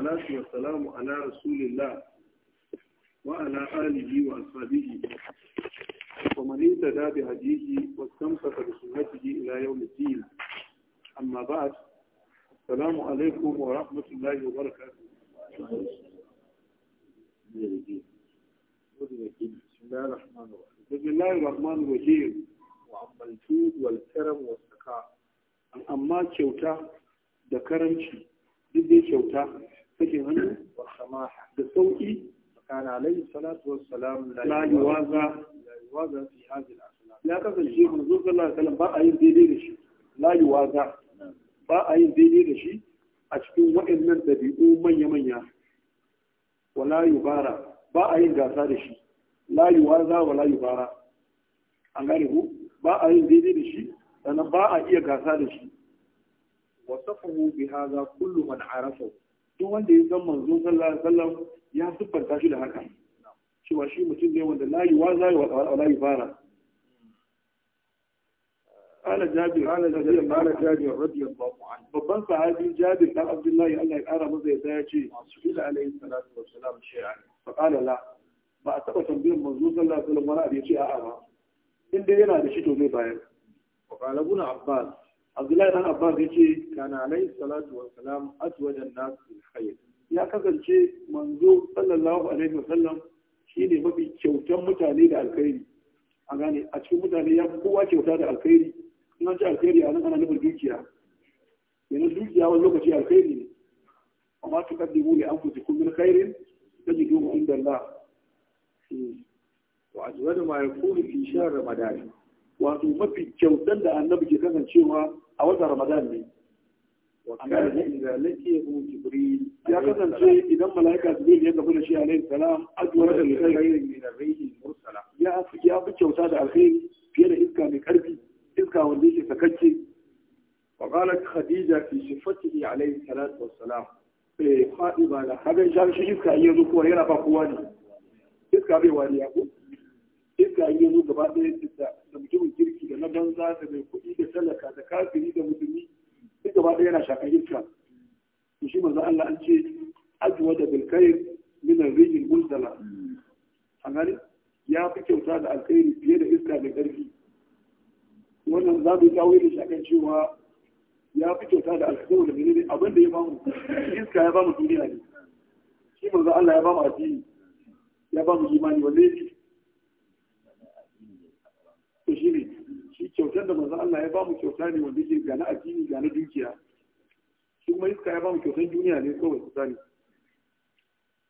والصلاة والسلام على رسول الله وعلى آله وأصحابه ومن اهتدى بهديه واستمسك بسنته إلى يوم الدين أما بعد السلام عليكم ورحمة الله وبركاته بسم الله الرحمن الرحيم وأما الجود والكرم والسكاء أما kyauta da karanci duk dai kyauta sake hannu wa samaha da sauki kan alayhi salatu wassalam la yuwaza la yuwaza fi hadhihi al ya kasance manzo sallallahu alaihi wasallam ba a yin daidai da shi la yuwaza ba a yin daidai da shi a cikin waɗannan dabi'u manya manya wa wala yubara ba a yin gasa da shi la yuwaza wala yubara an gane ku ba a yin daidai da shi sannan ba a iya gasa da shi wasafahu bi hadha kullu man arafahu duk wanda ya san manzo sallallahu alaihi ya siffanta shi da haka cewa shi mutum ne wanda layi wa zai wa layi fara قال جابر قال جابر قال جابر رضي الله عنه babban sahabi jabir dan abdullahi Allah ya kara masa yadda ya ce ila alaihi salatu wassalam shay'an fa qala la ba a taba tambayar manzo sallallahu alaihi wasallam wani abu ya ce a'a ba in dai yana da shi to zai bayar wa qala ibn abbas Abdullahi dan Abbas yace kana alayhi salatu wa salam atwajan nas bil khair ya kasance manzo sallallahu alaihi wa sallam shine mafi kyautan mutane da alkhairi a gane a cikin mutane ya kowa kyauta da alkhairi in an ci alkhairi a nan ana nufin dukiya yana dukiya wani lokaci alkhairi ne amma tuqaddimu li anfusikum min khairin tajiduhu inda Allah wa hmm. azwaju ma yakunu fi shahr ramadan wato mafi kyautan da annabi ke kasancewa a wata ramadan ne ya kasance idan mala'ika su ya gaba da shi laifin salam ajwar da ya fi ya fi kyauta da alkhairi fiye da iska mai karfi iska wanda yake sakacce وقالت خديجة في صفته عليه الصلاة والسلام خائبة لها هذا إن شاء الله شيء يسكى أن ne. Iska فقواني يسكى ya يقول Ka ya yanzu gaba ɗaya da mutumin kirki da na banza da mai kuɗi da talaka da kafiri da musulmi duk gaba ɗaya yana shakar iska to shi manzo Allah an ce ajwa da bilkair min ar-rijl mulzala an gani ya fi kyauta da alkhairi fiye da iska mai ƙarfi wannan za mu yi kawo yin shakan cewa ya fi kyauta da alkhairi da menene abin da ya bamu iska ya bamu duniya ne shi manzo Allah ya bamu addini ya bamu imani wanda yake shi kyautar da manzo Allah ya ba mu kyauta ne wanda yake gane addini gane dukiya shi kuma iska ya ba mu kyautar duniya ne kawai su sani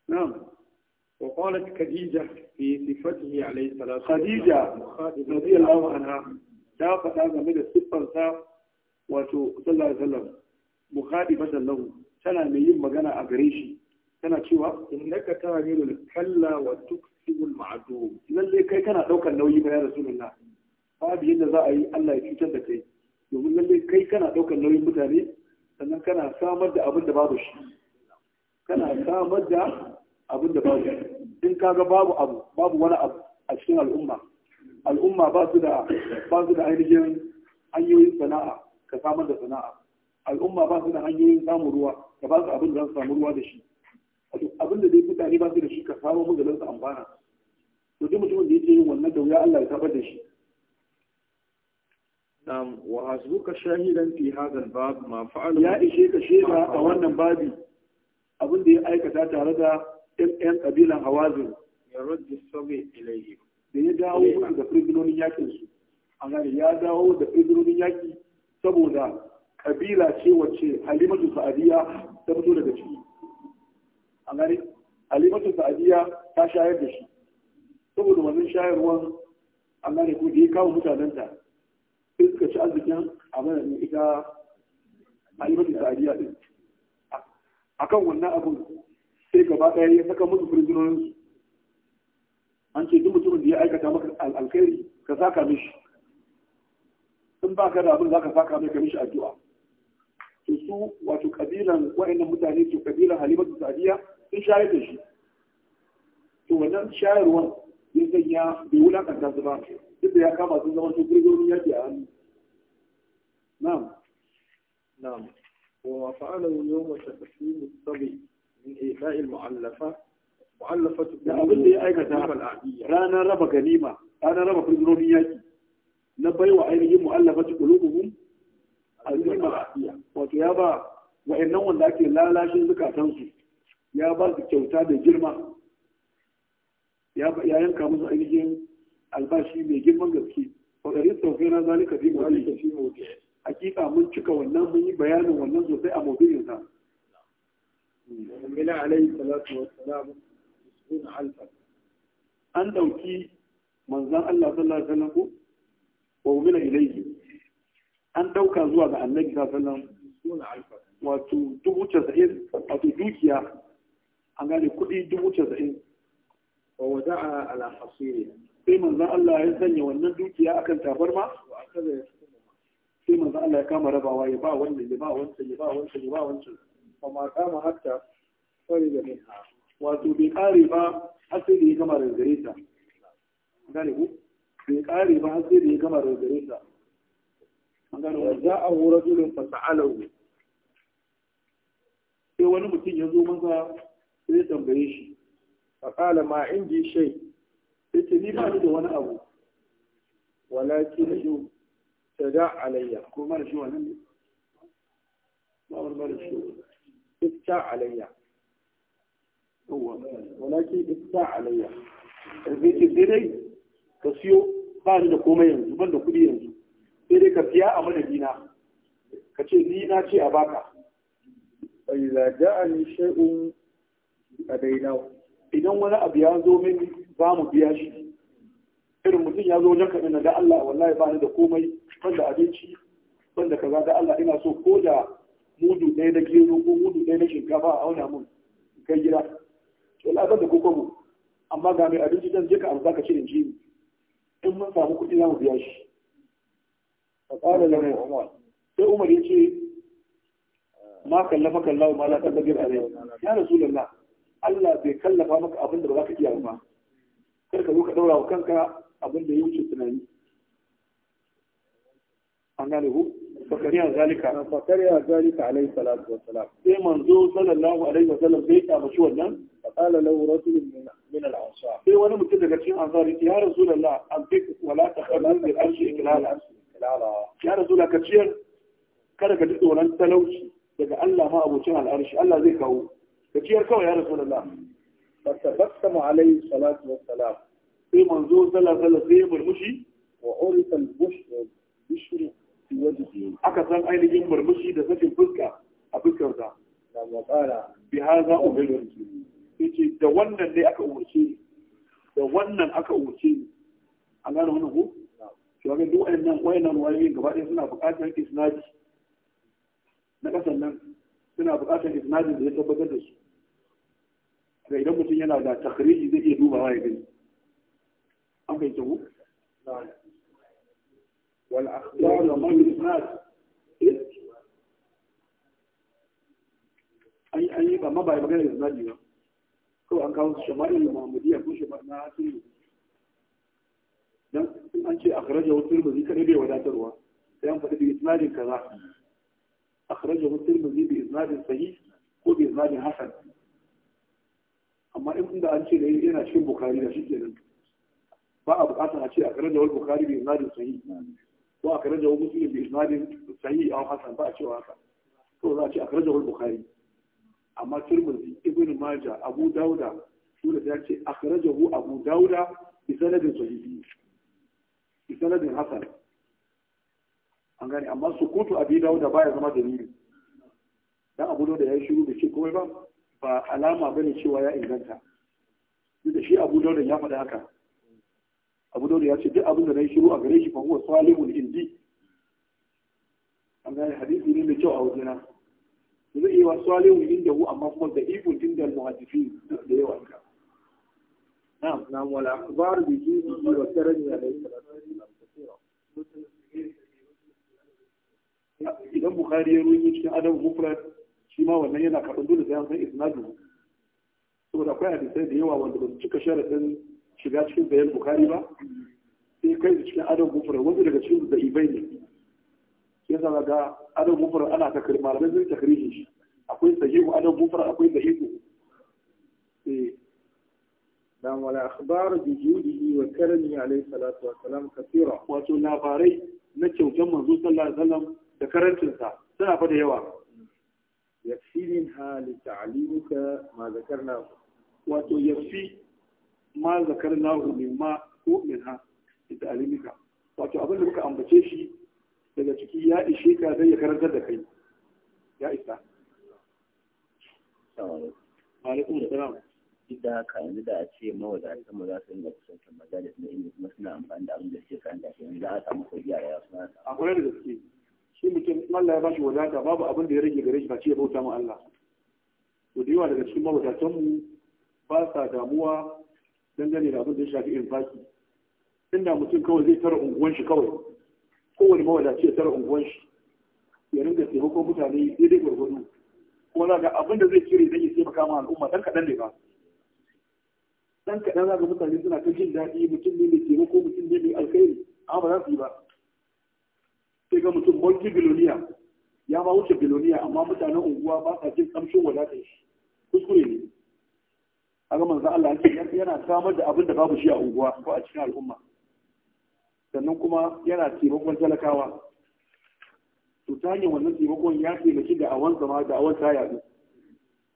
na'am wa qalat khadija fi sifatihi alayhi salatu khadija radiyallahu anha ta faɗa game da siffarsa wato sallallahu alaihi wasallam mukhadibatan lahu tana mai yin magana a gare shi tana cewa innaka da kalla wa tuksibu al-ma'dum lalle kai kana daukar nauyi ba ya rasulullah babu yadda za a yi Allah ya cutar da kai domin lalle kai kana ɗaukar nauyin mutane sannan kana samar da abin da babu shi kana samar da abin da babu shi in kaga babu abu babu wani abu a cikin al'umma al'umma ba su da ba su da ainihin hanyoyin sana'a ka samar da sana'a al'umma ba su da hanyoyin samun ruwa ka ba su abin da za su samu ruwa da shi abin da dai mutane ba su da shi ka samu mu da su amfana to duk mutumin da ya yake yin wannan da wuya Allah ya tabar da shi Na'am wa hasbuka shahidan fi hadha al-bab ma fa'ala ya ishe ka shaida a wannan babi abin da ya aikata tare da ɗan kabilan Hawazin ya ruddi sabi ilayhi da ya dawo da prisonin yakin su an ya dawo da prisonin yaki saboda kabila ce wacce Halimatu Sa'adiya ta fito daga ciki an gane Halimatu Sa'adiya ta shayar da shi saboda wannan shayarwan an gane ko da ya kawo mutanen ta. sai suka ci arzikin abin da ita a yi mafi sa'adiyya din a kan wannan abin sai gaba ɗaya ya saka musu firjinoninsu an ce duk mutumin da ya aikata maka alkhairi ka saka mishi in ba ka da abin za ka saka mai ka mishi addu'a to su wato kabilan wa'annan mutane to kabilan halimatu Sadiya sun shayar da shi to wannan shayarwar ya sanya bai wulakanta su ba duk da ya kama sun zama su birgomin yaki a hannu na'am na'am wa fa'alahu yawma taqsim as-sabi min ihsa'il mu'allafa mu'allafa da abin da ya aikata ranar raba ganima ranar raba birgomin yaki na baiwa ainihin mu'allafa qulubuhum azima wato ya ba wa'annan wanda ake lalashin zukatansu ya ba su kyauta da girma ya yanka musu ainihin albashi mai girman gaske wa ɗari tsofaina zalika fi mawdi hakika mun cika wannan mun yi bayanin wannan sosai a mawdi'in sa Mila alaihi salatu wa salam alfa an dauki manzan Allah sallallahu alaihi wasallam wa umila ilayhi an dauka zuwa ga annabi sallallahu alaihi wasallam wato dubu casa'in wato dukiya an gane kuɗi dubu casa'in wa wada'a ala hasiriya sai manzan Allah ya sanya wannan dukiya akan tabarma sai manzan Allah ya kama rabawa ya ba wannan ya ba wancan ya ba wancan ya ba wancan amma kama hatta fari da ne wato bai kare ba har sai da ya gama rangare ta gane ku bai kare ba har sai da ya gama rangare ta an gane wa za a wura rajulun fa sa'alahu sai wani mutum ya zo masa sai ya tambaye shi fa kala ma inji shay' sai ni ba ni da wani abu walakin shi tada alayya ko mara shi wannan ne ba wani mara shi ifta alayya walakin ifta alayya zai ce dai ka siyo ba ni da komai yanzu ban da kuɗi yanzu sai dai ka siya a madadina ka ce ni na ce a baka فإذا جاءني شيء أديناه idan wani abu ya zo mini za mu biya shi irin mutum ya zo wajen ina da Allah wallahi ba ni da komai da abinci da kaza da Allah ina so ko da mudu ɗaya na gero ko mudu ɗaya na shinkafa a auna mun kai gida to la ban da mu amma ga mai abinci dan je ka amsa ka ji ni in mun samu kuɗi za mu biya shi fa qala lahu umar sai umar ya ce ma kallafa kallahu ma la taqdir alayhi ya rasulullah Allah bai kallafa maka abin da ba za ka iya ba kar ka zo ka daura wa kanka abin da ya wuce tunani an gane ku fakariya zalika fakariya zalika alaihi salatu wa salam. sai manzo sallallahu alaihi wa sallam bai ta mashi wannan faqala lahu rasul min al-ansar sai wani mutum daga cikin ansar ya rasulullah an fi wala takhalu bi arshi iklala ya rasulullah ka ciyar kada ka ji tsoron talauci daga Allah ma abocin al'arshi Allah zai kawo ka kawai ya rasu lalla ba ta basta mu alayhi salatu wa salam sai manzo sallallahu alaihi sai ya murmushi wa urisan bushru fi wajhihi aka san ainihin murmushi da sakin fuska a fuskarsa da mabara bi hadha ubiru yace da wannan ne aka umarce da wannan aka umarce ni an gane wannan ko shugaba duk wayannan wayannan wayoyin gaba ɗaya suna buƙatar isnadi na ƙasan nan suna buƙatar isnadin da ya tabbatar da su to idan mutum yana da takhriji zai iya duba ya gani an kai fahimta ku wal akhbar wa man yusnad eh? an an yi amma ba magana da zaji ba ko an kawo shama'il muhammadiyya ko shama'il na asiri dan an ce a akhrajahu tirmidhi kada bai wadatarwa sai an faɗi bi isnadin kaza A akhrajahu tirmidhi bai isnadin sahih ko bai isnadin hasan amma in da an ce da yana cikin bukari da shi kenan ba a bukatar a ce a karar da wani bukari bai isnadin sahi ko a karar da wani musulun bai isnadin sahi a hasan ba a cewa haka to za a ce a karar da wani bukari amma turmuzi ibn maja abu dauda su da ya ce a karar da abu dauda bisanadin sahi bisanadin hasan an gane amma su kutu abi dauda baya zama dalili dan abu dauda ya yi shiru da ce komai ba ba alama ba ne cewa ya inganta duk da shi abu dauda ya faɗa haka abu dauda ya ce duk abin da na yi shiru a gare shi fa huwa salihun indi an gane hadisi ne mai kyau a wajena zai yi wa salihun inda hu amma kuma da ikon inda muhaddifi da yawa ka na'am na wala akbar bi jibi wa tarani alayhi idan bukhari ya ruwaye cikin adam mufrad shi ma wannan yana karɓar dole sai an san isnadu saboda akwai hadisai da yawa wanda ba su cika sharaɗin shiga cikin bayan bukari ba sai kai da cikin adon gufura wanda daga cikin da ibai ne sai yasa ga adon gufura ana ta karɓi malamai ta takrihi shi akwai sahihu adon gufura akwai da iko eh. dan wala akhbar bi judihi wa karami alayhi salatu wa salam kathira wato labarai na kyautan manzo sallallahu alaihi wasallam da karantinsa suna fa da yawa yakfi minha li ta'limuka ma zakarnahu wato yakfi ma zakarnahu min ma ko minha li ta'limuka wato abin da ambace shi daga ciki ya ishe ka zai karantar da kai ya isa alaikum salam duk da haka yanzu da a ce mawadatan mu za su dinga kusantar majalis na inda kuma suna amfani da abin da suke kan da yanzu za a samu kuriya da yawa suna a kwarar da shi mutum Allah ya bashi wadata babu abin da ya rage gare shi ba ce ya bauta ma Allah to da yawa daga cikin mawadatan mu ba sa damuwa dangane da abin da ya shafi infaki inda mutum kawai zai tara unguwan shi kawai kowane mawadaci ya tara unguwan shi ya ringa taimakon mutane daidai gwargwado kuma za ka abin da zai cire zai taimaka ma al'umma dan kaɗan ne ba dan kaɗan za ga mutane suna ta jin daɗi mutum ne mai taimako mutum ne mai alkhairi amma ba za su yi ba sai ga mutum mulki biloniya ya ma wuce biloniya amma mutanen unguwa ba sa jin kamshin wadata shi kuskure ne a ga manzo Allah yana samar da abin da babu shi a unguwa ko a cikin al'umma sannan kuma yana taimakon talakawa to ta hanyar wannan taimakon ya taimaki da awon zama da awon ta yadu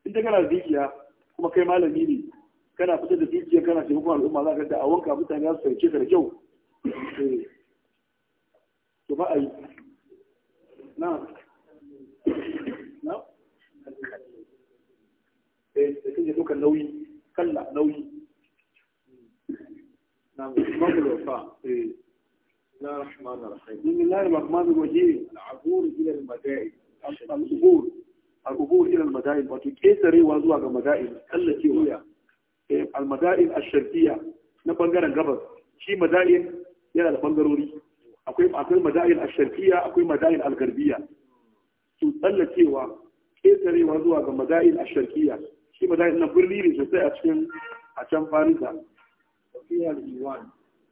in ta kana zikiya kuma kai malami ne kana fitar da zikiya kana taimakon al'umma za ka da awon ka mutane za su sauke ka da kyau eh. su ba a yi na eh, da kan jato kan nauyi kalla nauyi na mafi wafa na rahmanar rahim eh. in lalai mahmanar waje al'abur ilar madai al'abur al'abur ilar madai wato ƙetarewa zuwa ga madai kallace wuya eh, al-madain ash-shartiyya na bangaren gabas shi madain yana da bangarori akwai akwai madail al-sharqiyya akwai madail al-garbiyya su tsallakewa ƙetarewa zuwa ga madail al-sharqiyya shi madail na birni ne sosai a cikin a can farisa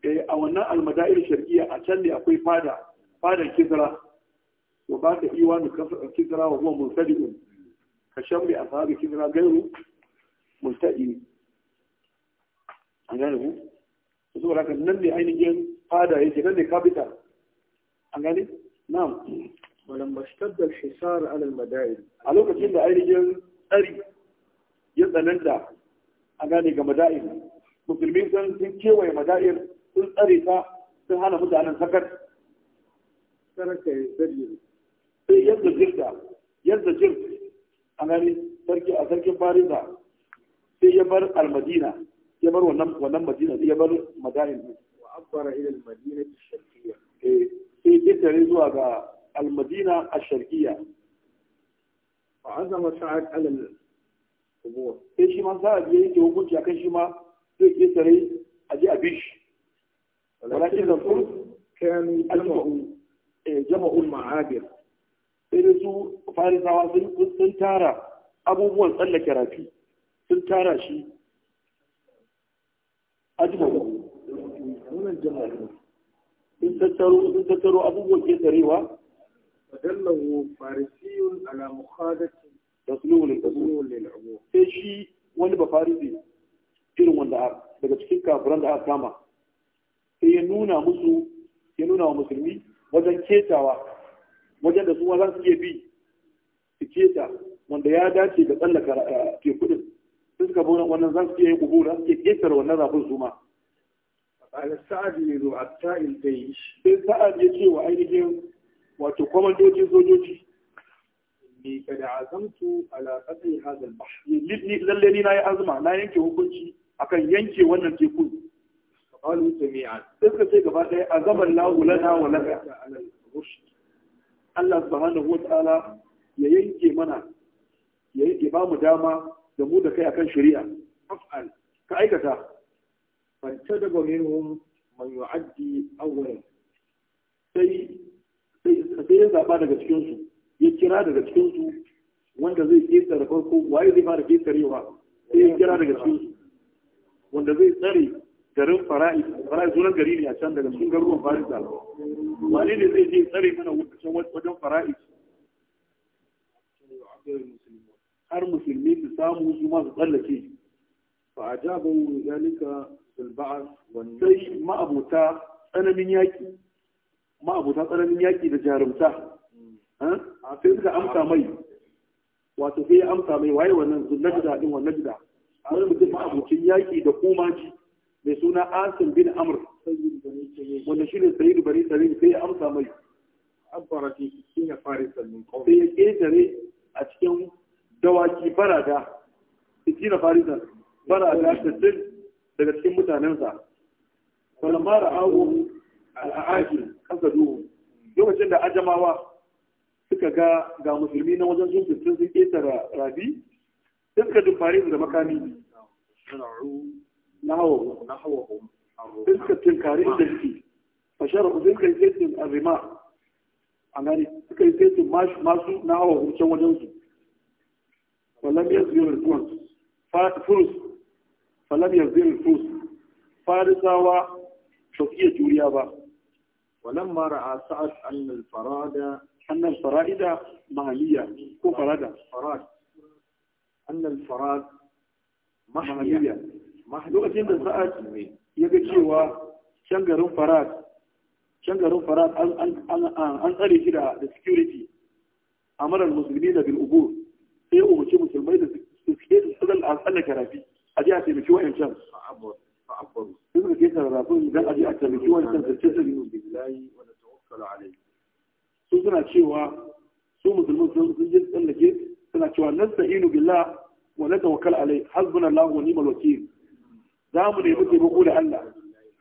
eh, a wannan al-madail sharqiyya a can ne akwai fada Fada kisra wa ba ka iwanu kisra wa huwa mursali'un ka shamli ashabi kisra gairu murtadi an gane ku saboda haka nan ne ainihin fada yake nan ne capital an gane na'am mashtar da shi hisar alal al a lokacin da ainihin tsari ya tsananta a gane ga mada'in musulmi sun sun kewaye mada'in sun tsare ta sun hana mutanen sakar sarka ya zargi sai yadda jirga yadda jirga a gani sarki a sarkin farisa sai ya bar al-madina ya bar wannan Madina, madina ya bar mada'in wa abbara ilal al-madina al-sharqiyya eh. sai ƙetare zuwa ga almadina a sharkiya a azama sa'ad alal kubuwa sai shi ma sa'ad biya yake hukunci akan shi ma zai ƙetare a ji a bish walakin da sun kanu jama'u eh, jama'ul ma'abir sai da su farisawa sun tara abubuwan tsallake rafi sun tara shi ajma'u wannan jama'u sun tattaro sun tattaro abubuwan ƙetarewa fadallahu farisiyun ala mukhadati tasluhul tasluhul lil umur sai shi wani ba farisi irin wanda daga cikin kafiran da aka kama sai ya nuna musu ya nuna wa musulmi wajen ketawa wajen da su ma za su iya bi su keta wanda ya dace da tsallaka eh, tekudin sai suka bi wannan za su iya yin za su iya ketare wannan zafin su ma al sa'ad ne zo a sa'il da yi sai sa'ad ya ce wa ainihin wato kwamandojin sojoji ni kada azamtu ala qatl hadha al-bahr ni lalle ni nayi azma na yanke hukunci akan yanke wannan teku qalu jami'an sai ka ce gaba ɗaya, azaban lahu lana wa laka Allah subhanahu wa ta'ala ya yanke mana ya ba mu dama da mu da kai akan shari'a af'al ka aikata فانتدب منهم من يعدي أولا sai sai ya zaɓa daga cikinsu ya kira daga cikinsu wanda zai kesa da farko waye zai fara kesarewa sai ya kira daga cikinsu wanda garin fara'i fara'i sunan gari ne a can daga cikin garuruwan alwa wani ne zai je tsare mana wajen fara'i har musulmi su samu su masu tsallake fa ajabu zalika sai ma'abuta tsananin yaƙi ma'abuta tsananin yaƙi da jarumta hmm. a sai suka amsa mai wato sai ya amsa mai waye wannan zunnajida din wannan jida wani mutum ma'abucin yaƙi da kumaji mai suna asim bin amr wanda shi ne da bari sarin sai ya amsa mai abbara cikin ya fara min kawai. sai ya ƙetare a cikin dawaki barada kina farisa barada cikin daga cikin mutanensa falamma ra'ahu al'aji kasadu lokacin da ajamawa suka ga ga musulmi na wajen sun fitin sun ƙetare rabi sai suka dumfare da makami nahawahu sai suka tinkari inda suke fashara ku sai suka yi saitin arrima a gani suka yi saitin masu nahawahu can wajen su wallan biyar su yi rikuwan furus فلم يزل الفوز فارس هو شوكية جوريا با ولما رأى سعد أن الفرادة أن الفرائدة مالية كو فرادة فراد أن الفراد مالية محلية لغة جنة سعد يبكي هو شنقرون فراد شنقرون فراد أن أري كده السكيورتي أمر المسلمين بالأبور في أمور مسلمين السكيورتي أن أري كده a a taimaki wa'ancan duk da ke sarrafin idan a ji a taimaki wa'ancan da cikin yin bilayi wanda tawakkala alai su suna cewa su musulmin sun yi tsallake suna cewa nan nasta'inu billah wa natawakkal alai hasbunallahu wa ni'mal wakil za mu nemi taimako da Allah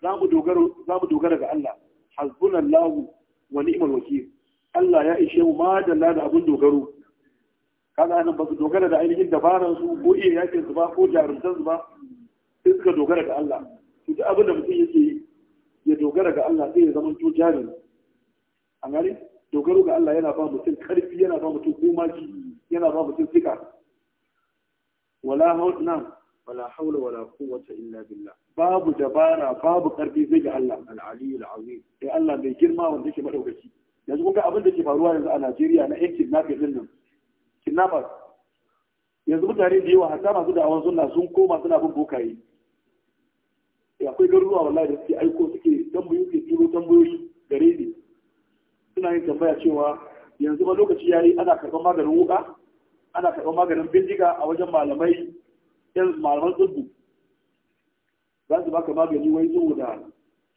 za mu dogara ga Allah hasbunallahu wa ni'mal wakil Allah ya ishe mu madalla da abin dogaro kaga anan ba su dogara da ainihin dabaran su ko iya yakin su ba ko jarumtan su ba sai suka dogara ga Allah to duk abin da mutum yake ya dogara ga Allah sai ya zama to jarin an gani dogaro ga Allah yana ba mutum karfi yana ba mutum kumaji yana ba mutum sika wala nan, wala haula wala quwwata illa billah babu dabara babu karfi zai ga Allah al-ali al-azim eh Allah mai girma wanda yake madaukaki yanzu kun ga abin da ke faruwa yanzu a Najeriya na yankin nafi din nan kidnappers yanzu mutane da yawa hatta masu da'awar suna sun koma suna bin bokaye eh, akwai garuruwa wallahi da suke aiko suke tambayoyi suke turo tambayoyi gare ne. suna yin tambaya cewa yanzu ba lokaci ya yi ana karɓar maganin wuka ana karɓar maganin bindiga a wajen malamai yan malaman tsibbu za su baka magani wai saboda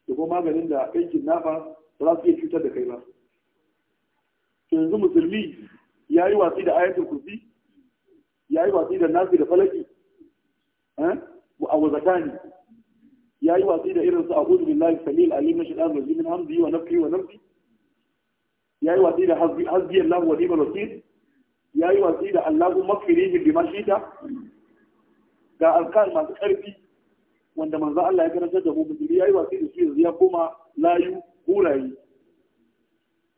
da kuma maganin da yan kidnappers ba za su iya cutar da kai ba yanzu musulmi ya yi watsi da ayatul kursi ya yi watsi da nasi da falaki eh? a wazakani ya yi watsi da irin a hudu bin lafi salil alimin shiɗan raji min hamzi wa nafi wa nafi ya yi watsi da hazbi allah wa ni'mal wakil ya yi watsi da allahu makfirihi bi mashita ga alkal masu ƙarfi wanda manzo Allah ya karantar da mu musulmi ya yi watsi da shi yanzu ya koma layu hurayi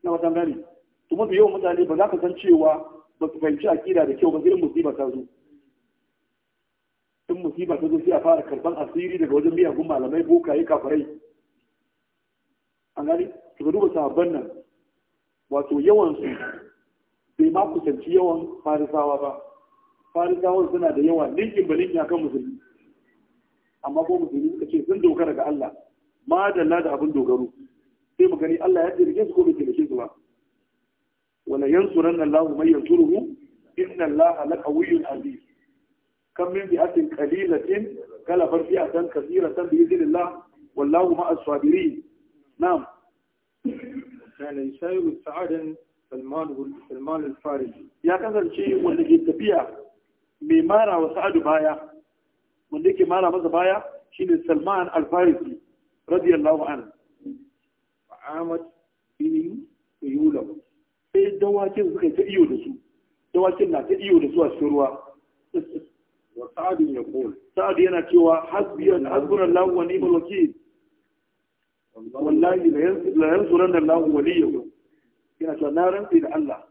na wata gani to mafi yawan mutane ba za ka san cewa ba su fahimci akida da kyau ba irin musiba ta zo in musiba ta zo sai a fara karban asiri daga wajen miyagun malamai bokaye kafarai an gani su ka duba sahabban nan wato yawan su bai ma kusanci yawan farisawa ba farisawa suna da yawa ninkin ba ninkin akan musulmi amma ko musulmi suka ce sun dogara ga Allah ma da abin dogaro sai mu gani Allah ya tsirge su ko bai tsirge su ba wala yansuran Allahu may yansuruhu inna Allaha laqawiyyun aziz kam min bi'atin qalilatin galabat bi'atan kathiratan bi idhnillah wallahu ma'as sabirin na'am kana yusayiru sa'adan salman salman al-fariji ya kasance wanda ke tafiya mai mara wa sa'adu baya wanda yake mara masa baya shine salman al-fariji radiyallahu anhu fa'amat bihi yulahu dawakin suka ta iyo da su dawakin na ta iyo da su a cikin ruwa wa sa'ad ya qul sa'ad yana cewa hasbiyan Allah wa ni'mal wakeel wallahi la yansur Allahu waliyahu yana cewa na rantsi da Allah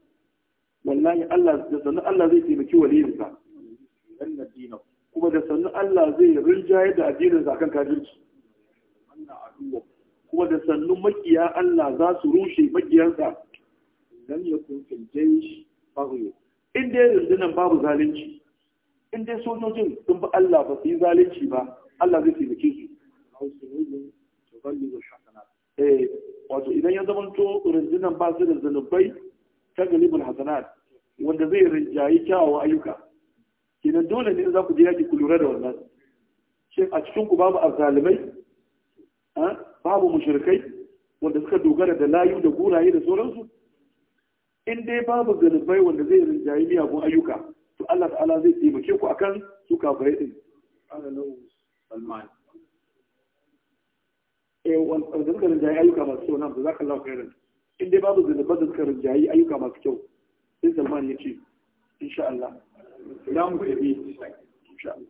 wallahi Allah da sannu Allah zai taimaki waliyinsa kuma da sannu Allah zai rinjaye da addininsa akan kafirci kuma da sannu makiya Allah za su rushe makiyansa lam yakun fil jaysh baghyu in dai rundunan babu zalunci in dai sojojin sun bi Allah ba su yi zalunci ba Allah zai taimake su eh wato idan ya zama to rundunan ba su da zanubai ta galibul hasanat wanda zai rinjayi kyawawan ayyuka kenan dole ne za ku je yaki ku lura da wannan shin a cikin ku babu azzalimai ah, babu mushrikai wanda suka dogara da layu da guraye da sauransu in dai babu zunubai wanda zai rinjayi miyagun ayyuka to Allah ta'ala zai taimake ku akan su kafirai din Salman eh wanda suka ayyuka masu kyau za Allah in dai babu zunubai da suka rinjaye ayyuka masu kyau sai Salman ya ce insha Allah za mu tafi insha Allah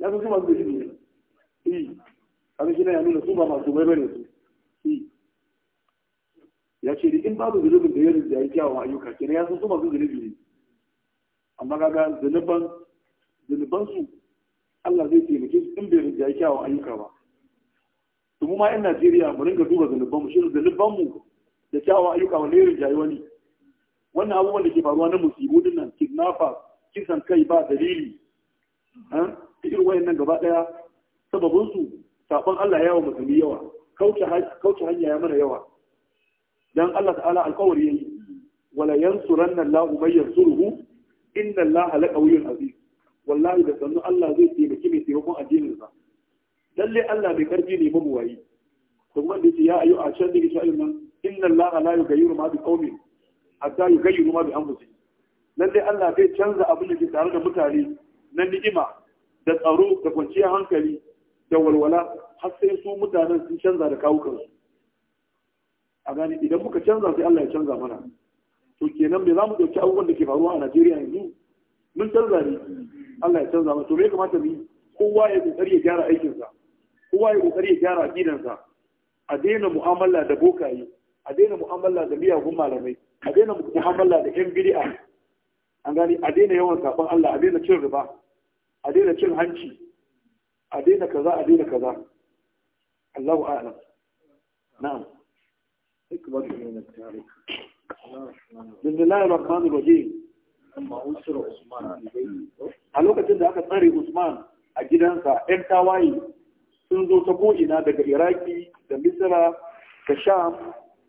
ya san su masu eh, gudu ne ya nuna su ba masu bai bane su eh. ya ce in babu zunubin da ya rinjaye kyawun ayyuka kenan ya san su masu zunubi ne amma kaga zunuban zunuban su Allah zai taimake su in bai rinjaye kyawun ayyuka ba to mu ma yan Najeriya mu ringa duba zunuban mu shi zunuban mu da kyawun ayyuka wani rinjaye wani wannan abubuwan da ke faruwa na musibu nan kidnapper kisan kai ba dalili an irin wayan nan gaba daya sababin su sabon Allah ya yawa musulmi yawa kauce hanya ya mana yawa dan Allah ta'ala alƙawari yayi wala yansuranna Allahu may yansuruhu inna Allaha laqawiyyun aziz wallahi da sannu Allah zai taimaki mai taimakon addinin sa lalle Allah bai karfi ne wayi. to kuma da ya ayu a can da ke nan inna Allaha la yughayyiru ma bi qaumin hatta yughayyiru ma bi anfusihim lalle Allah zai canza abin da ke tare da mutane na ni'ima da tsaro da kwanciyar hankali da walwala har sai su mutanen sun canza da kawukansu a gane idan muka canza sai Allah ya canza mana to kenan me za mu ɗauki abubuwan da ke faruwa a Najeriya yanzu mun canza ne Allah ya canza mana to me ya kamata mu yi kowa ya kokari ya gyara aikinsa kowa ya kokari ya gyara aqidansa a daina mu'amala da bokaye a daina mu'amala da miyagun malamai a daina mu'amala da yan bid'a an gani a daina yawan sabon Allah a daina cin riba a daina cin hanci a daina kaza a daina kaza Allahu a'lam na'am اكبر من التاريخ بسم الله الرحمن الرحيم لما عثمان a lokacin da aka tsare Usman a gidansa ‘yan tawaye sun zo ta ko'ina daga Iraki da Misira da Sham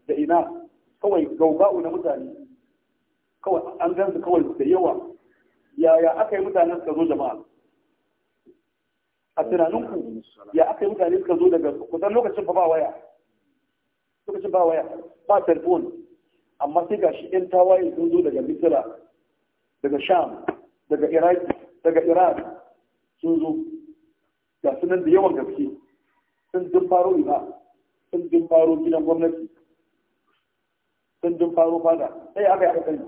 da ina kawai gauga'u na mutane kawai an gansu kawai da yawa yaya aka yi mutane suka zo jama'a a tunaninku ya aka yi mutane suka zo daga kusan lokacin ba waya lokacin ba waya ba telefon amma sai ga shi yan tawaye sun zo daga misira daga sham daga iraq daga iraq sun zo ga sunan da yawan gaske sun dun faro ina sun dun faro gidan gwamnati sun dun faro fada sai aka yi aka sani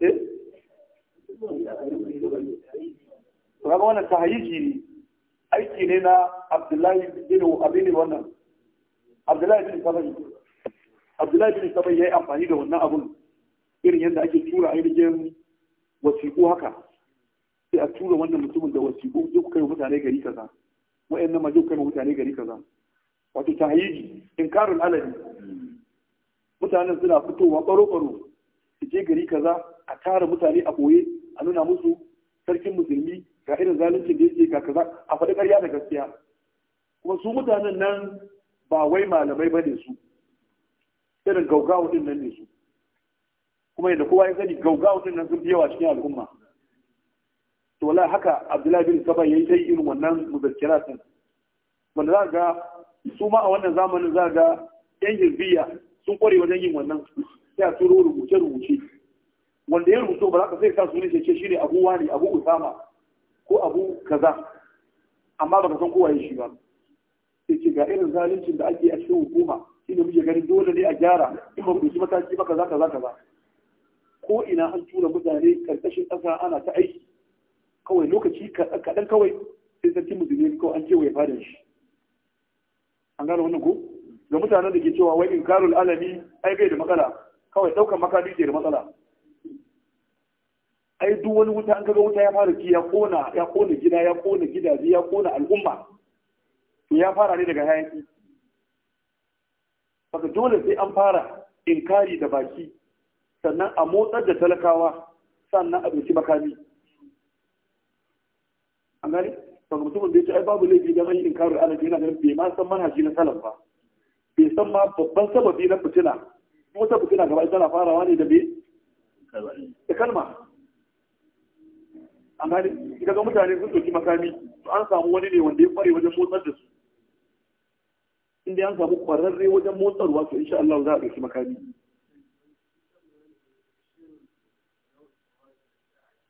eh? Kaga wannan tahayiki ne aiki ne na abdullahi bin abin wannan abdullahi bin sabai abdullahi bin sabai ya yi amfani da wannan abun irin yadda ake tura ainihin wasiƙu haka sai a tura wannan mutumin da wasiƙu zai ku kai mutane gari kaza wa'annan ma zai ku kai mutane gari kaza wato in karin alali mutanen suna fitowa ɓaro-ɓaro su je gari kaza a tara mutane a boye a nuna musu sarkin musulmi ga irin zalunci da yake ga kaza a faɗi ƙarya da gaskiya kuma su mutanen nan ba wai malamai ba ne su irin gaugawa ɗin nan ne su kuma yadda kowa ya sani gaugawa ɗin nan sun fi yawa cikin al'umma to wala haka abdullahi bin saba yayi ta irin wannan muzakkira din wanda za ga su ma a wannan zamanin za ga yan hizbiya sun kware wajen yin wannan sai a turo rubuce rubuce wanda ya rubuto ba za ka sai ka sunan shi ne abu wani abu usama ko abu kaza amma ka san kowa ya shi ba sai ce ga irin zaluncin da ake a cikin hukuma shi muke gani dole ne a gyara in ba ku mataki ba kaza kaza kaza ko ina an tura mutane karkashin ƙasa ana ta aiki kawai lokaci kaɗan kawai sai sarki musulmi kawai an kewaye fadin shi an gane wannan ko ga mutanen da ke cewa wai inkarul alami ai bai da matsala kawai ɗaukar makami ke da matsala ai duk wani wuta an kaga wuta ya fara ki ya kona ya kona gida ya kona gidaje ya kona al'umma to ya fara ne daga hayaki saka dole sai an fara inkari da baki sannan a motsar da talakawa sannan a ɗauki makami an gani saka mutumin da ya ce ai babu laifi don an yi inkari ana yana ganin bai ma san manhaji na salaf ba bai san ma babban sababi na fitina wata fitina gaba tana farawa ne da bai da kalma amma ita ga mutane sun ɗauki makami to an samu wani ne wanda ya kware wajen motsar da su inda an samu kwararre wajen motsarwa to insha Allah za a ɗauki makami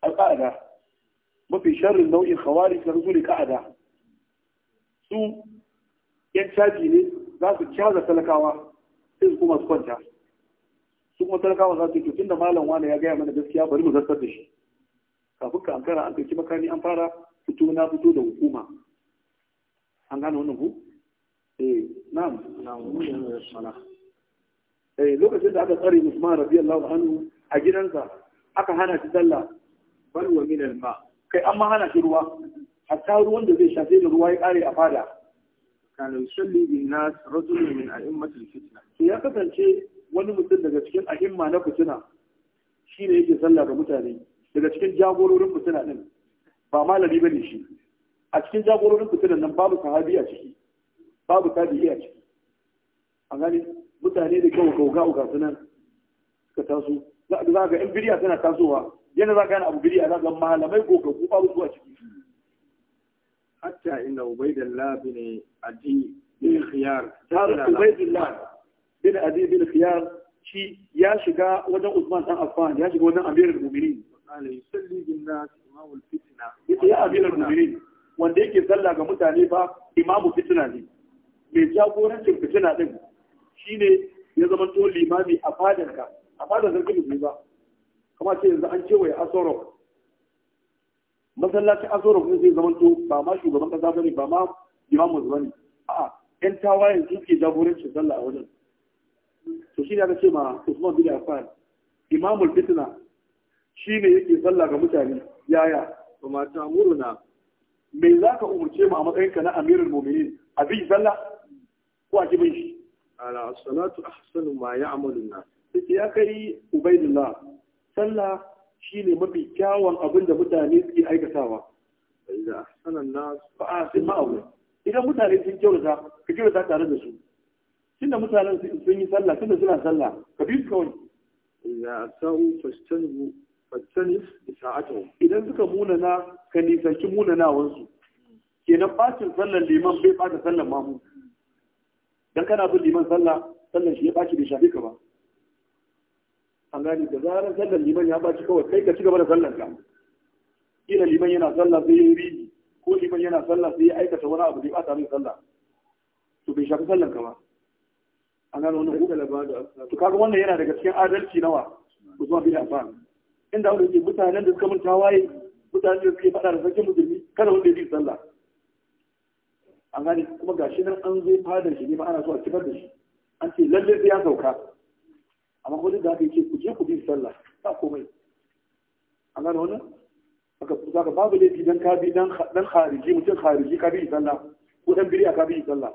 al'ada mafi sharrin nau'in khawari sun su ne su yan caji ne za su caza talakawa sai su kuma su kwanta su kuma talakawa za su yi to tunda malam wani ya gaya mana gaskiya bari mu zartar da shi kafin ka ankara an kai makarani an fara fito na fito da hukuma an gane wannan ku eh na'am eh lokacin da aka tsare Usman radiyallahu anhu a gidansa aka hana shi sallah bal wa min al-ma kai amma hana shi ruwa hatta ruwan da zai shafe da ruwa ya kare a fada kana yusalli bin nas rajulun min a'immatil fitna ya kasance wani mutum daga cikin a'imma na fitina shine yake sallah ga mutane daga cikin jagororin fitina din ba malami bane shi a cikin jagororin fitinan nan babu sahabi a ciki babu tabi'i a ciki an gani mutane da kyau gauga uga sunan suka taso za a ga yan biriya tana tasowa yana za ka yana abu biriya za ga malamai gogaggu babu su a ciki hatta inda ubaidallah bin adi bin eh, khiyar tare ubaidallah bin adi bin khiyar shi ya shiga wajen Usman dan Affan ya shiga wajen Amirul Mu'minin nas imamul fitna إمام ya abin al-mu'minin wanda yake salla ga mutane ba imamu fitna ne mai jagorancin fitna din shine ya zama to limami a ka a fadar sarki ne ba kuma ce yanzu an cewa ya asoro masallaci asoro ne zai zama to ba ma shugaban kasa bane ba ma imamu bane a'a yan tawayen yanzu ke jagorancin salla a wajen to shine aka ce ma Usman bin Affan imamul fitna shi ne yake sallah ga mutane yaya ba ma ta muruna me za ka umarce mu a matsayinka na amirul mu'minin a bi sallah ko a kibin shi ala salatu ahsanu ma ya'malu nas ya kai ubaidullah sallah shine mafi kyawun abin da mutane suke aikatawa idan ahsanan nas fa ahsin ma'ahu idan mutane sun kyautata ka kyautata tare da su tunda mutanen sun yi sallah tunda suna sallah ka bi su kawai idan sa'u fastanu fajtani isa'atu idan suka munana ka nisanci munanawansu kenan bacin sallar liman bai bata sallar mamu dan kana bin liman sallah sallar shi ya baci bai shafe ka ba an gani da zarar sallar liman ya baci kawai kai ka ci gaba da sallar ka kila liman yana sallah sai ya yi ko liman yana sallah sai ya aikata wani abu da ya bata min sallah to bai shafi sallar ka ba an gani wannan da to kaga wannan yana daga cikin adalci nawa Usman bin Affan inda wanda ke mutanen da suka mun waye mutanen da suke faɗa da sarkin musulmi kada wanda ya bi sallah an gane kuma gashi nan an zo fadar shi ne ba ana so a kifar da shi an ce lallai sai ya sauka amma kuma da da yi ce ku je ku bi sallah ba komai an gane wannan ka babu laifi dan ka bi dan khariji mutum khariji ka bi sallah ko dan biri ka bi sallah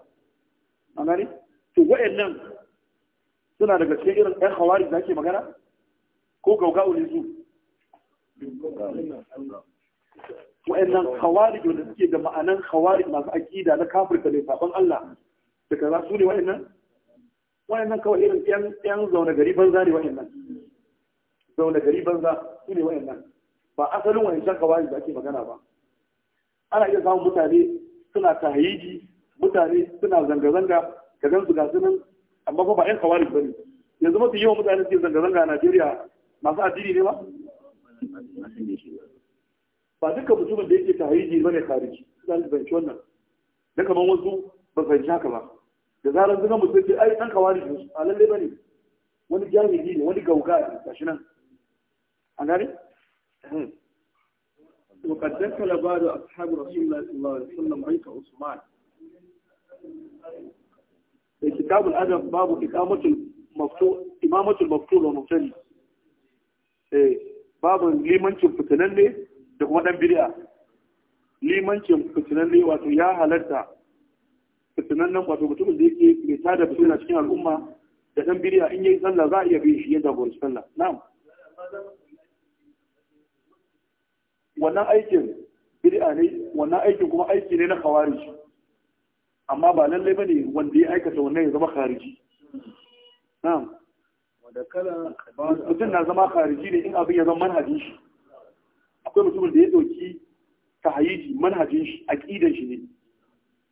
an gane to wa'annan suna daga cikin irin ɗan hawari da ake magana ko gauga ulizu wa'annan khawarij wanda suke da ma'anan khawarij masu aqida na da ne saban Allah da kaza su ne wa'annan wa'annan kawai irin yan yan zauna gari banza ne wa'annan zauna gari banza su ne wa'annan ba asalin wa'annan khawarij da ake magana ba ana iya samun mutane suna tahiji mutane suna zanga-zanga ka gan su ga sunan amma ba 'yan khawarij bane yanzu mafi yawan mutane suke zanga-zanga a Najeriya masu addini ne ba ba duka mutumin da yake ba khariji su wannan wasu ba haka ba da zarar mutum ce ai an kawari su a lalle bane wani ne wani gauga ne gashi nan an gane وقد دخل بعض أصحاب رسول الله صلى الله عليه وسلم بيت عثمان في كتاب الأدب إمامة المفتول babin limancin ne da kuma ɗan bid'a limancin ne wato ya halarta nan wato mutumin da yake mai tada fitina cikin al'umma da ɗan bid'a in yi sallah za a iya bin shi ya jagoranci sallah na'am wannan aikin bid'a ne wannan aikin kuma aiki ne na khawarij amma ba lallai bane wanda ya aikata wannan ya zama khariji na'am mutum na zama khariji ne in abin ya zama manhajin shi akwai mutumin da ya dauki hayiji manhajin shi aqidan shi ne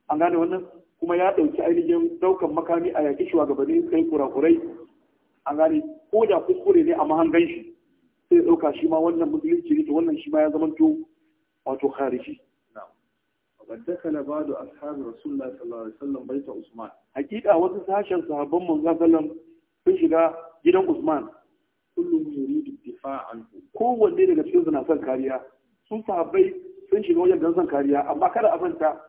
an gane wannan kuma ya dauki ainihin daukan makami a yaki shugabanni kai kurakurai an gane ko da kuskure ne a mahangan shi sai dauka shi ma wannan musulunci ne to wannan shi ma ya zama to wato khariji وقد دخل بعض اصحاب رسول الله صلى الله عليه وسلم بيت عثمان حقيقة وتساشر صحابة من صلى الله sun shiga gidan Usman kullum yuridu a anhu kowanne daga cikin suna na son kariya Sun sahabbai sun shiga wajen don son kariya amma kada a manta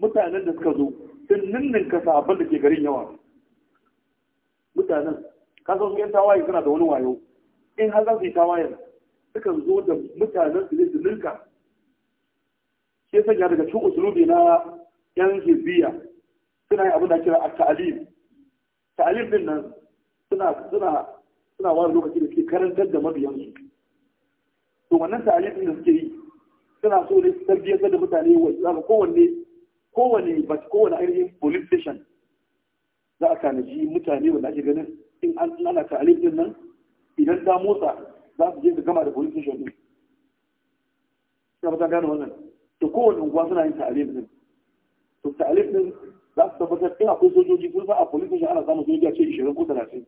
mutanen da suka zo sun ninnin ka sahabban da ke garin yawa mutanen san su yan tawaye suna da wani wayo in har za su yi tawayen sukan zo da mutanen su ne su ninka sai sanya daga cikin usulubi na yan hizbiya suna yin abin da kira a ta'alim ta'alim din nan suna wani lokaci da suke karantar da mabiyansu to wannan tarihin da suke yi suna so ne su tarbiyyar da mutane wa zaka kowanne kowane ba kowane ainihin police station za a tanaji mutane wanda ake ganin in an tsana ta'alim din nan idan ta motsa za su je su gama da police station din ta ba ta gane wannan to kowane unguwa suna yin ta'alim din to ta'alim din za su tabbatar in akwai sojoji ko ba a police shi ana samu sojoji a ce ishirin ko talatin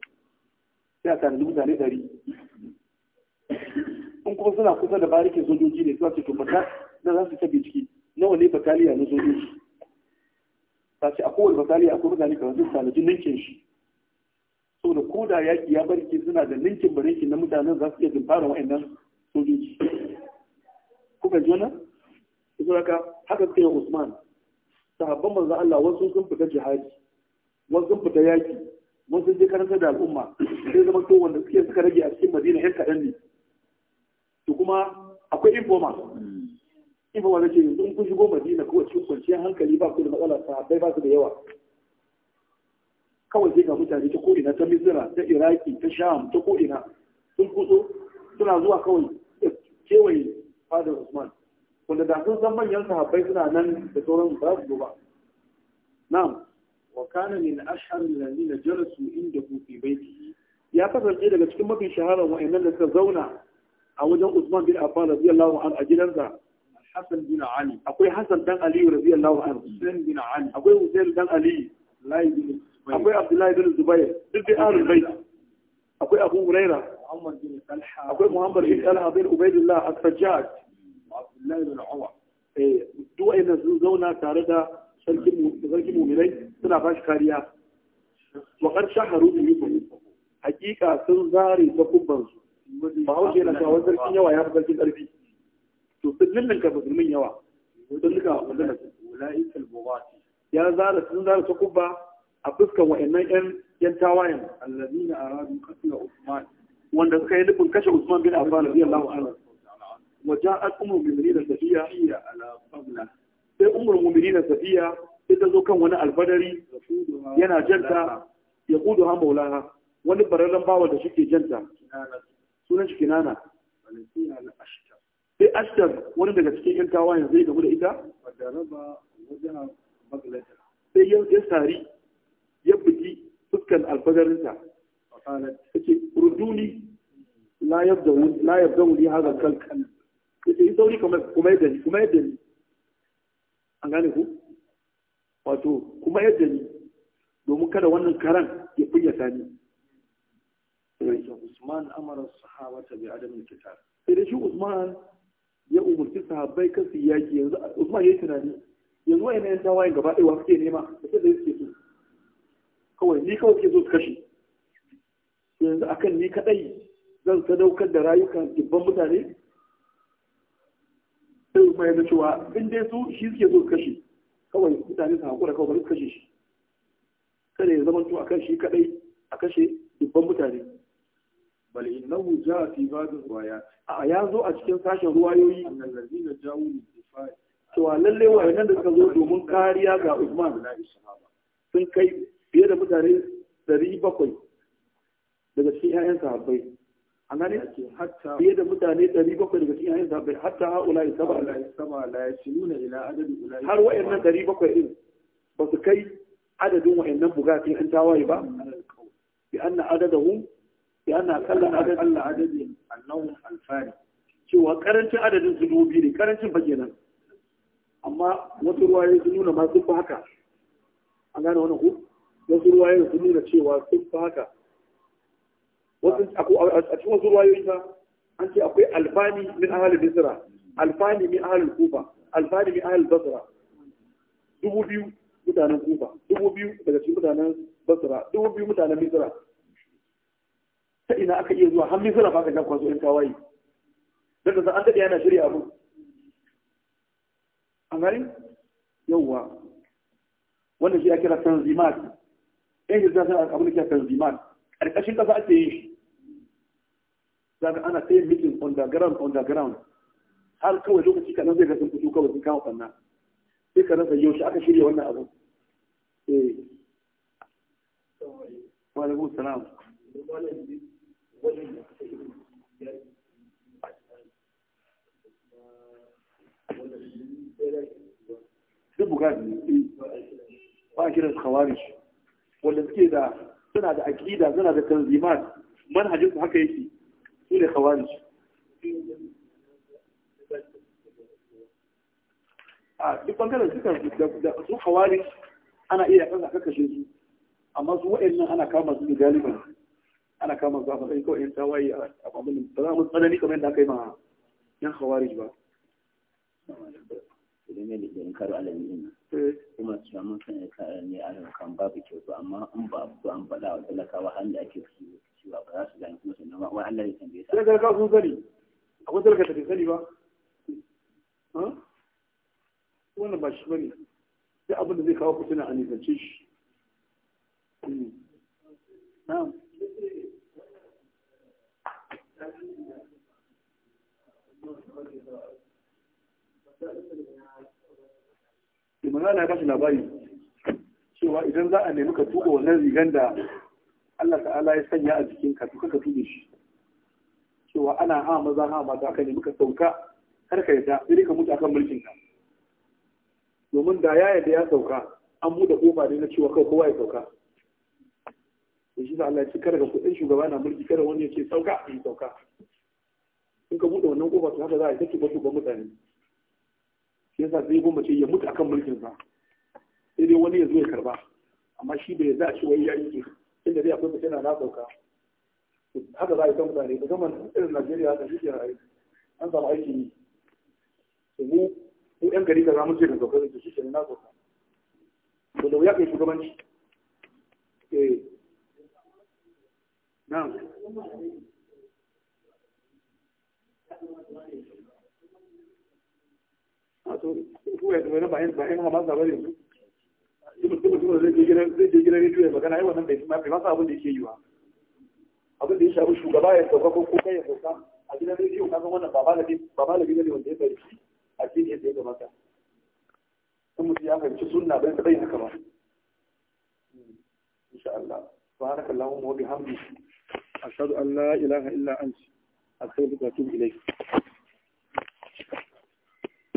sai a tanadi mutane ɗari in kuma suna kusa da barikin sojoji ne suna cikin bata na za su tabi ciki nawa ne bataliya na sojoji ta ce a kowane bataliya akwai mutane kamar sun tanaji ninkin shi saboda ko da yaƙi ya barke suna da ninkin barikin na mutanen za su iya zimfara wa'annan sojoji kuka jona? Ibrahim Haka suka yi Usman, sahabban manzo Allah wasu sun fita jihadi wasu sun fita yaki wasu je karanta da al'umma sai zama to wanda suke suka rage a cikin Madina yan kadan ne to kuma akwai informa informa da ke yanzu in kun shigo Madina kawai cikin kwanciyar hankali ba ku da matsala sahabbai ba su da yawa kawai sai ga mutane ta ko'ina ta misira ta iraki ta sham ta ko'ina sun kutso suna zuwa kawai kewaye fadar usman wanda da sun san manyan sahabbai suna nan da sauran ba su ba na'am wa kana min ashhar alladhina jalasu indahu fi baytihi ya kasance daga cikin mafi shaharar wa'annan da suka zauna a wajen Usman bin Affan radiyallahu anhu a gidansa Hassan bin Ali akwai Hassan dan Ali radiyallahu anhu Hussein bin Ali akwai Hussein dan Ali akwai Abdullahi bin Zubair duk dai ahlul bait akwai Abu Hurairah akwai Muhammad bin Talha bin Ubaidillah as-Sajjad Abdullahi bin Umar eh duk wa'annan sun zauna tare da sarkin mu'minai suna ba shi kariya wa qad shaharu bi yusuf hakika sun zare ta kubban su ba hauke na kawo sarkin yawa ya fi sarkin karfi to sun lullunka musulmin yawa sun luka wannan ulaikal bughati ya zara sun zara ta kubba a fuskan wa'annan yan yan tawayen allazina aradu qatl usman wanda suka yi nufin kashe usman bin affan radiyallahu anhu وجاءت أم المؤمنين صفية هي على قبلة sai umar mu'minina safiya sai zo kan wani albadari yana janta ya kudu ha maulaha wani bararren bawa da suke janta sunan shi kinana sai ashtar wani daga cikin yan yanzu zai gabu da ita sai ya sari ya bugi fuskan albadarinta take ruduni la yabda wuli haza kalkan sauri kuma yadda ni kuma yadda ni an gane ku wato kuma yadda ni domin kada wannan karan ya kunyata ni Usman amara ta bi adam al sai da shi Usman ya umurci sahabbai kan su yaki yanzu Usman ya yi tunani yanzu wayannan yan tawayen gaba ɗaya wa suke nema sai da suke so kawai ni kawai ke zo su kashe yanzu akan ni kaɗai zan sadaukar da rayukan dubban mutane kuma ya ga cewa in dai su shi suke so kashe kawai mutane su haƙura kawai ba su kashe shi kada ya zama a kan shi kadai a kashe dubban mutane bal innahu jaa fi ba'd riwayat a ya zo a cikin sashen ruwayoyi allazina jawu lidifai to lalle wayannan da suka zo domin kariya ga Usman sun kai fiye da mutane 700 daga cikin 'ya'yan sahabbai an gane fiye da mutane 700 daga cikin ayyukan hatta ya ila adadi har wayannan 700 din ba su kai adadin wayannan bugatin an tawaye ba bi anna adadahum bi anna aqalla Allah adadi alfari cewa karancin adadin su dubi ne karancin ba kenan amma wasu ruwaye sun nuna ma sun haka an gane wannan ku wasu ruwaye sun nuna cewa sun haka a cikin wasu ruwayoyi ma an ce akwai alfani min ahalin Misira. alfani min ahalin kufa alfani min ahalin basra dubu biyu mutanen kufa dubu biyu daga cikin mutanen basra dubu biyu mutanen Misira. ta ina aka iya zuwa har misra ba ka jan kwazo in tawaye don da an daɗe yana shirya abu an gani yawwa wannan shi ya kira tanzimat yan yi zafi abin da kira tanzimat ƙarƙashin ƙasa ake yi shi zaga ana ta yin mitin underground underground har kawai lokaci kaɗan zai ga sun fito kawai sun kama fanna sai ka rasa yaushe aka shirya wannan abu eh wa salam duk bukatu ne ba a kiran khawarij wanda suke da suna da aqida suna da tanzimat manhajin su haka yake su ne khawarij a duk bangaren suka da su khawarij ana iya kan aka kashe su amma su wa'annan ana kama su ana kama su a matsayin kawai yan a ba za mu tsanani kamar yi ma yan khawarij ba idan eh. kuma cewa mun san ya ne a ba babu kyau amma in ba a fito an wa talakawa har da ake cewa ba za su gane kuma sannan ba wai Allah ya tambaye su sai ga ka sun sani akwai talaka da bai sani ba wannan ba shi ba ne sai abin da zai kawo fitina a nisance shi hmm. na'am Imana ya ba shi labari cewa idan za a nemi ka tuko wannan rigan da Allah ta'ala ya sanya a jikinka to kaka tuɗe shi cewa ana ha maza ha mata aka nemi ka sauka kar ka yadda sai ka mutu akan mulkin ka domin da ya yadda ya sauka an buɗe ƙofa ne na cewa kai kowa ya sauka to shi Allah ya ce kada ka kuɗin shugaba na mulki kada wani ya ce sauka yi sauka in ka buɗe wannan kofa to haka za a yi ta tuba tuba mutane shi yasa sai goma ce ya mutu akan mulkin sa sai dai wani ya zo ya karba amma shi bai yadda a ce wai ya yi inda zai akwai fitina na ɗauka, haka za a yi kan mutane musamman irin najeriya da shi rayu an samu aiki ne mu mu yan gari kaza mun ce da da shi na ɗauka, to da wuya kai shugabanci eh a to ya zama bayan bayan ma ba za ba zai je gidan rediyo ya magana yawan nan ya fi masa abin da yake yi wa abin da ya shafi shugaba ya sauka ko kai ya sauka a gidan rediyo ka san wannan ba da ba wanda ya a cikin yadda ya gabata kuma mutum ya fahimci sunna bai bai haka ba insha Allah سبحانك اللهم وبحمدك أشهد أن لا إله إلا أنت أستغفرك وأتوب إليك